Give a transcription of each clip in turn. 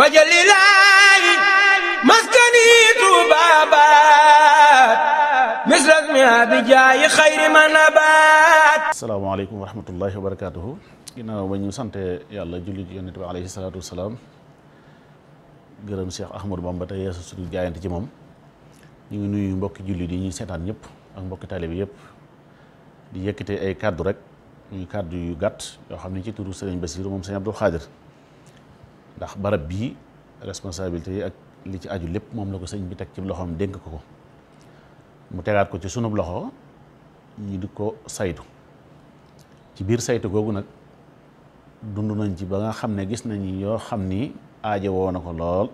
wajalilaayi maskani Tuubaa baat misras mi abijaayi xayri ma nabaat asalaamaaleykum wa rahmatullahi wa barakaatuhu ginnaaw ba ñu sante yàlla julli ci yonent bi alayhi salaatu wasalaam gërëm Cheikh Ahmadou Bamba te yeesu suñu jaayante ci moom ñu ngi nuyu mbokki julli di ñuy seetaan ñëpp ak mbokki taalibe yëpp di yëkkate ay kàddu rek ñuy kàddu yu gàtt yoo xam ne ci turu Serigne Bassirou moom Serigne Abdoul Khadir ndax barab bii responsabilité yi ak li ci aju lépp moom la ko sëñ bi teg ci loxoom dénk ko ko mu tegaat ko ci sunub loxo ñu di ko saytu ci biir saytu googu nag dund nañ ci ba nga xam ne gis nañ yoo xam ni aajo woo na ko lool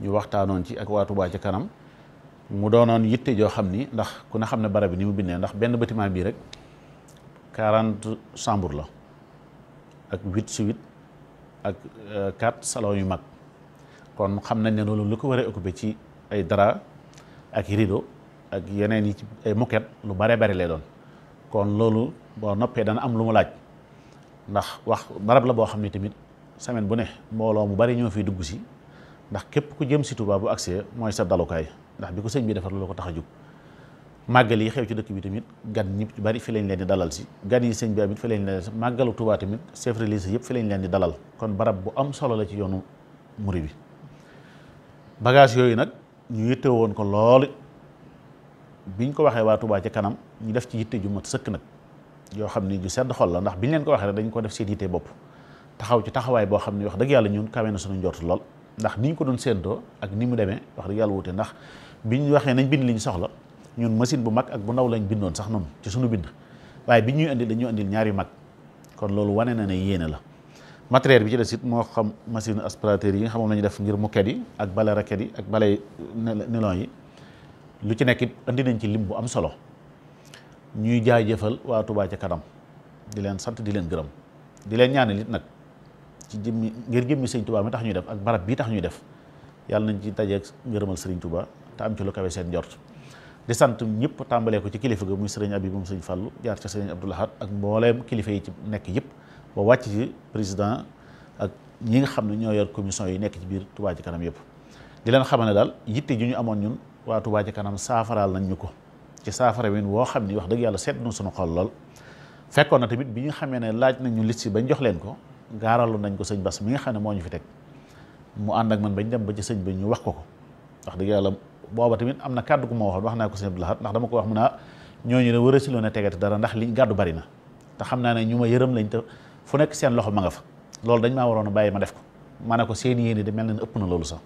ñu waxtaanoon ci ak waatu Touba ci kanam mu doonoon yitte yoo xam ni ndax ku ne xam ne barab bi ni mu bindee ndax benn bâtiment bii rek quarante chambre la ak huit suite ak euh, quatre salon yu mag kon xam nañ ne loolu lu ko waree a occupé ci ay dara ak rido ak yeneen yi ci ay moquette lu bare bare lay doon kon loolu boo noppee dana am lu mu laaj ndax wax barab la boo xam ne tamit semaine bu ne mbooloo mu bari ñoo fiy dugg si ndax képp ku jëm si Tuubaa bu agsee mooy sa dalukaay ndax bi ko sëñ bi defar loolu ko tax a jóg màggal yi xew ci dëkk bi tamit gan ñi bari fi lañ leen di dalal si gan yi sëñ bi amit fi lañ leen di màggalu Tuubaa tamit chef religieux yëpp fi lañ leen di dalal kon barab bu am solo la ci yoonu muri bi bagage yooyu nag ñu yitte woon ko lool ñu ko waxee waa Tuubaa ci kanam ñu def ci yitte ju mat sëkk nag yoo xam ni ju sedd xol la ndax biñ leen ko waxee rek dañ ko def seen yitte bopp taxaw ci taxawaay boo xam ne wax dëgg yàlla ñun kawe na suñu njort lool ndax ni ñu ko doon séentoo ak ni mu demee wax dëgg yàlla wute ndax biñ waxee nañ bind liñ soxla ñun machine bu mag ak bu ndaw lañ bindoon sax noonu ci suñu bind waaye bi ñuy andil dañuy andil ñaar yu mag kon loolu wane na ne yéene la matériel bi ci des it moo xam machine aspirateur yi nga xam moom la ñu def ngir moquette yi ak bale raquette yi ak bale nylon yi lu ci nekk it andi nañ ci lim bu am solo ñuy jaajëfal waa Touba ca kanam di leen sant di leen gërëm di leen ñaanal it nag ci jëmmi ngir jëmmi sëñ Touba mi tax ñuy def ak barab bii tax ñuy def yàlla nañ ci dajeeg ngërëmal sëriñ Touba te am ci lu seen njort di sant ñëpp tàmbalee ko ci kilifa ga muy sëriñ Abibu sëriñ Fàllu jaar ca sëriñ Abdul Ahad ak mbooleem kilifa yi ci nekk yëpp ba wàcc ci président ak ñi nga xam ne ñoo yor commission yi nekk ci biir Touba ci kanam yëpp di leen xamal ne daal yitte ju ñu amoon ñun waa Touba kanam saafaraal nañ ñu ko ci saafara win woo xam ni wax dëgg yàlla seet nu suñu xol lool fekkoon na tamit bi ñu xamee ne laaj nañ ñu liste si bañ jox leen ko gaaralu nañ ko sëñ Bas mi nga xam ne moo ñu fi teg mu ànd ak man bañ dem ba ci sëñ bi ñu wax ko ko wax dëgg yàlla booba tamit am na kàddu ku ma waxoon wax naa ko sëñ Abdou Lahad ndax dama ko wax a naa ñu ne ah, war a si loon a tegati dara ndax liñ gàddu bari na te xam naa ne ñu ma yërëm lañ te fu nekk seen loxo ma nga fa loolu dañ maa waroon a bàyyi ma def ko ma ne ko seen yéene de mel na ëpp na loolu sax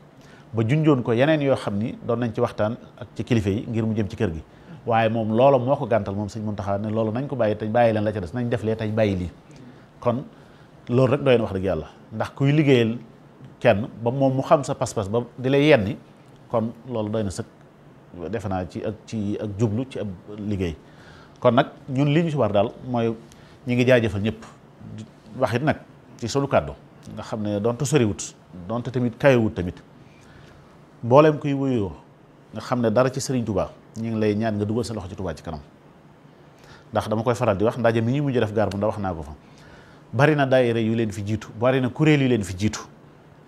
ba junjoon ko yeneen yoo xam ni doon nañ ci waxtaan ak ci kilifa yi ngir mu jëm ci kër gi waaye moom looloo moo ko gàntal moom sëñ Muntaxa ne loolu nañ ko bàyyi te bàyyi leen la ca des nañ def lee tey bàyyi kon loolu rek doy wax dëgg yàlla ndax kuy liggéeyal kenn ba moom mu xam sa pas ba di lay yenni kon loolu doy na sëkk defe naa ci ak ci ak jublu ci ab liggéey kon nag ñun li ñu si war daal mooy ñu ngi jaajëfal ñëpp wax it nag ci sunu kàddu nga xam ne donte wut donte tamit kayewut tamit mboolem kuy wuyoo nga xam ne dara ci Serigne Touba ñu ngi lay ñaan nga dugal sa loxo ci Touba ci kanam ndax dama koy faral di wax ndaje mi ñuy mujj def gaar bu ndax wax naa ko fa bari na daayira yu leen fi jiitu bari na kuréel yu leen fi jiitu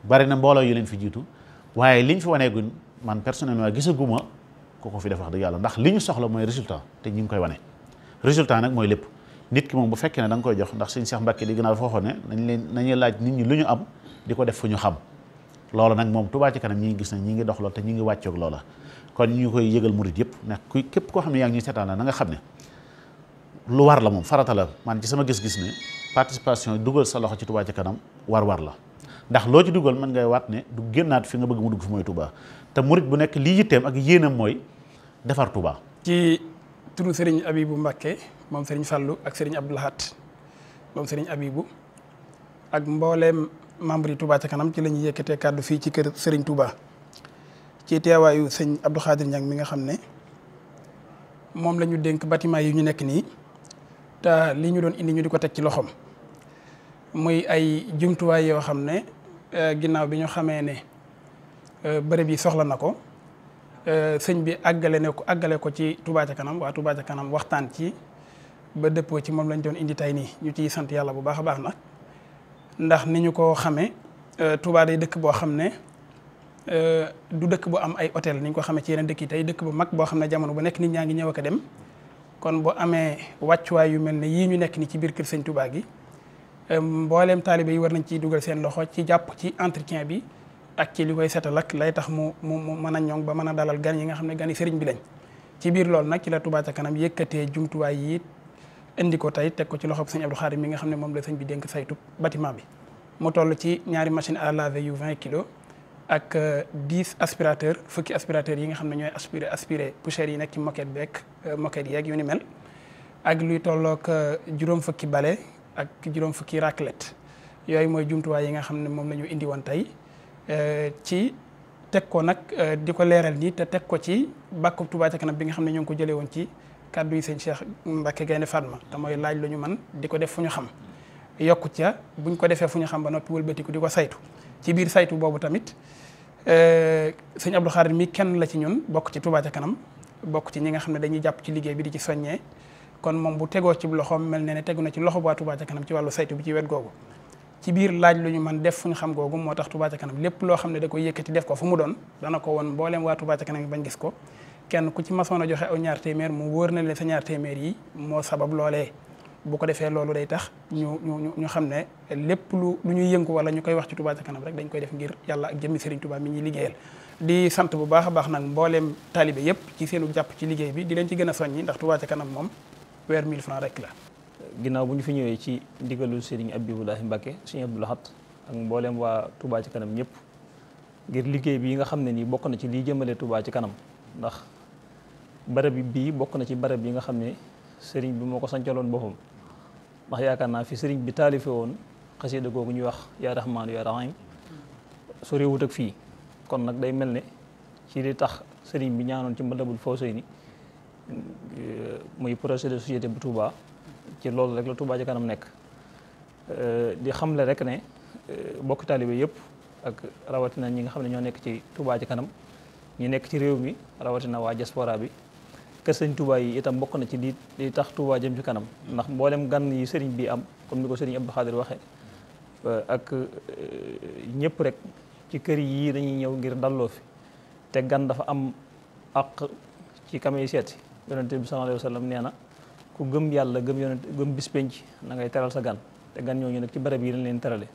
bari na mbooloo yu leen fi jiitu man personnellement gisaguma ku ko fi def wax dëgg yàlla ndax li ñu soxla mooy résultat te ñu ngi koy wane résultat nag mooy lépp nit ki moom bu fekkee ne danga koy jox ndax sëñ Cheikh Mbacke di gënaa ne nañ leen nañuy laaj nit ñi lu ñu am di ko def fu ñu xam loola nag moom Touba ci kanam ñi ngi gis na ñi ngi dox te ñi ngi wàccoog loola kon ñu koy yëgal murit yëpp ne ku képp koo xam ne yaa ngi ñuy seetaan nga xam ne lu war la moom farata man ci sama gis-gis ne participation dugal sa loxo ci Touba ci kanam war war la ndax loo ci dugal mën ngay ne du génnaat fi nga bëgg mu dugg fi mooy tubaa te murit bu nekk lii yitteem ak yéenam mooy defar Touba. ci turu Serigne Abibou Mbacké moom Serigne Fallou ak Serigne Abdou laxaat moom sëriñ Abibou ak mbooleem membre yi Touba ca kanam ci lañuy ñuy kàddu fii ci kër sëriñ Touba ci teewaayu sëñ Abdou Khadir Niang mi nga xam ne moom lañu dénk bâtiment yi ñu nekk nii te li ñu doon indi ñu di ko teg ci loxoom muy ay jumtuwaay yoo xam ne eh, ginnaaw bi ñu xamee ne. Euh, bërëb yi soxla na ko euh, sëñ bi àggale ne ko àggale ko ci Touba ca kanam waa tubaa ja kanam waxtaan ci ba dëppoo ci moom lañ doon indi tay nii ñu ci sant yàlla bu baax a baax na ndax ni ñu ko xamee euh, Touba day dëkk boo xam ne du dëkk bu am ay hôtel ni ñu ko xamee ci yeneen dëkk yi tey dëkk bu mag boo xam ne jamono bu nekk nit ñaa ngi ñëw ak a dem kon bu amee wàccuwaay yu mel ne yii ñu nekk ni ci biir kër sëñ Touba gi mbooleem taalibe yi war nañ ci dugal seen loxo ci jàpp ci entretien bi ak kii li koy setal ak lay tax mu mu mu mën a ñoŋ ba mën a dalal gan yi nga xam ne gani sëriñ bi lañ ci biir loolu nag ci la Touba ca kanam yëkkatee jumtuwaay yi indi ko tey teg ko ci loxob sëñ Abdou Khadim mi nga xam ne moom la sëñ bi dénk saytu bâtiment bi mu toll ci ñaari machine à laver yu 20 kilos ak 10 euh, aspirateur fukki aspirateur yi nga xam ne ñooy aspiré aspiré poussière yi nekk ci moquette beeg euh, moquette yeeg yu ni ak luy tollook euh, juróom fukki balai ak juróom fukki raclette yooyu mooy jumtuwaay yi nga xam ne moom la ñu indi woon tey Euh, ci teg ko nag euh, di ko leeral nii te teg ko ci bàkkub Touba ca kanam bi nga xam ne ñoo ko jëlee woon ci kàddu yi sëñ Cheikh Mbacke Gaynde Fatma te mooy laaj lu ñu man di ko def fu ñu xam yokku ca buñ ko defee fu ñu xam ba noppi wëlbatiku di ko saytu ci biir saytu boobu tamit euh, sëñ Abdou Khadir mi kenn la ci ñun bokk ci Touba ca kanam bokk ci ñi nga xam ne dañuy jàpp ci liggéey bi di ci soññee kon moom bu tegoo ci loxo mel ne ne tegu na ci loxo waa Touba ci wàllu saytu bi ci wet googu ci biir laaj lu ñu man def fu ñu xam googu moo tax Touba ca lépp loo xam ne da koy yëkkati def ko fu mu doon dana ko woon mbooleem waa Touba ca ko kenn ku ci masoon a joxe aw ñaar téeméer mu wóor na leen sa ñaar téeméer yi moo sabab loolee bu ko defee loolu day tax ñu ñu xam ne lépp lu lu ñuy yëngu wala ñu koy wax ci Touba ca kanam dañ koy def ngir yàlla ak jëmmi Serigne Touba mi ñuy liggéeyal di sant bu baax a baax nag mbooleem taalibe yépp ci seenu jàpp ci liggéey bi di leen ci gën a soññi ndax Touba ca kanam moom weer 1000 francs rek la ginnaaw bu ñu fi ñëwee ci ndigalul Serigne Abdoulahi Mbacke Serigne Abdou Lahat ak mbooleem waa Touba ci kanam ñëpp ngir liggéey bi nga xam ne nii bokk na ci liy jëmale Touba ci kanam ndax barab bii bokk na ci barab yi nga xam ne Serigne bi moo ko sancaloon boppam ndax yaakaar naa fi Serigne bi taalife woon xasida googu ñuy wax yaa rahmaan yaa rahim soriwut ak fii kon nag day mel ne ci li tax Serigne bi ñaanoon ci Matlabul Fawzayni eh, muy projet de société bu ci loolu rek la Touba Ca Kanam nekk euh, di xamle rek ne euh, bokk taalibe yëpp ak rawatina ñi nga xam ne ñoo nekk ci tuubaa Ca Kanam ñi nekk ci réew mi rawatina waa diaspora bi kër sëñ Touba yi itam bokk na ci di di tax tuubaa jëm ci kanam ndax mboolem gan yi sëriñ bi am comme ni ko sëriñ Abdou Khadir waxee euh, ak ñëpp rek ci kër yi dañuy ñëw ngir dalloo fi te gan dafa am àq ci kamay seeti yonente bi sallallahu alayhi wa sallam nee na ku gëm yàlla gëm yonent gëm bis penc na ngay teral sa gan te gan ñooñu nag ci barab yi dañ leen terale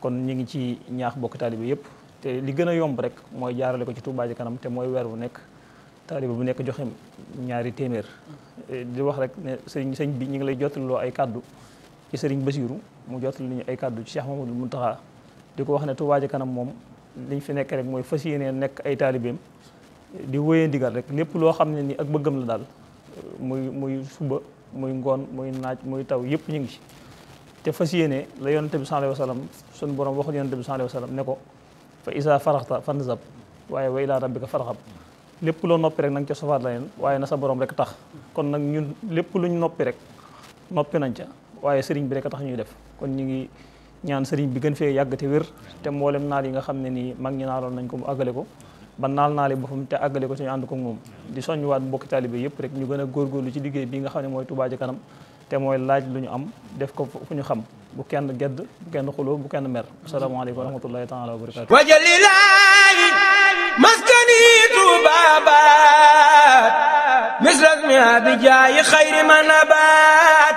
kon ñu ngi ci ñaax bokk taalibe yëpp te li gën a yomb rek mooy jaarale ko ci Touba Ca Kanam te mooy weer bu nekk taalibe bu nekk joxe ñaari téeméer eh, di wax rek ne sëriñ sëñ bi ñu ngi lay jottaloo ay kàddu ci sëriñ Basiiru mu jottal ñu ay kàddu ci Cheikh Mamadou Muntaxa di ko wax ne Touba Ca Kanam moom li liñ fi nekk rek mooy fas yéenee nekk ay taalibeem di wéyee ndigal rek lépp loo xam ne ni ak bëggam la daal muy muy suba muy ngoon muy naaj muy taw yëpp ñu ngi ci te fas yéene la yonente bi sallallahu alayhi wa sallam borom waxul yonente bi sallallahu alayhi wa ne ko fa isa faraxta fanzab waaye wa ilaa rabbika farxab lépp loo noppi rek na ca sofaat la waaye na sa borom rek tax kon nag ñun lépp lu ñu noppi rek noppi nañ ca waaye sëriñ bi rek a tax ñuy def kon ñu ngi ñaan sëriñ bi gën fee yàgg te wér te mboolem naal yi nga xam ne nii mag ñi naaloon nañ ko mu àggale ko ba naal naale boppam te àggale ko suñu ànd ko moom di soññuwaat mbokki taalibe yëpp rek ñu gën a góorgóorlu ci liggéey bii nga xam ne mooy Touba Ca te mooy laaj lu ñu am def ko fu ñu xam bu kenn gedd bu kenn xuloo bu kenn mer asalaamaaleykum wa rahmatullahi taala wa barakatu wajalilaayi maskani tubabat misrasmi abijaayi xayri manabat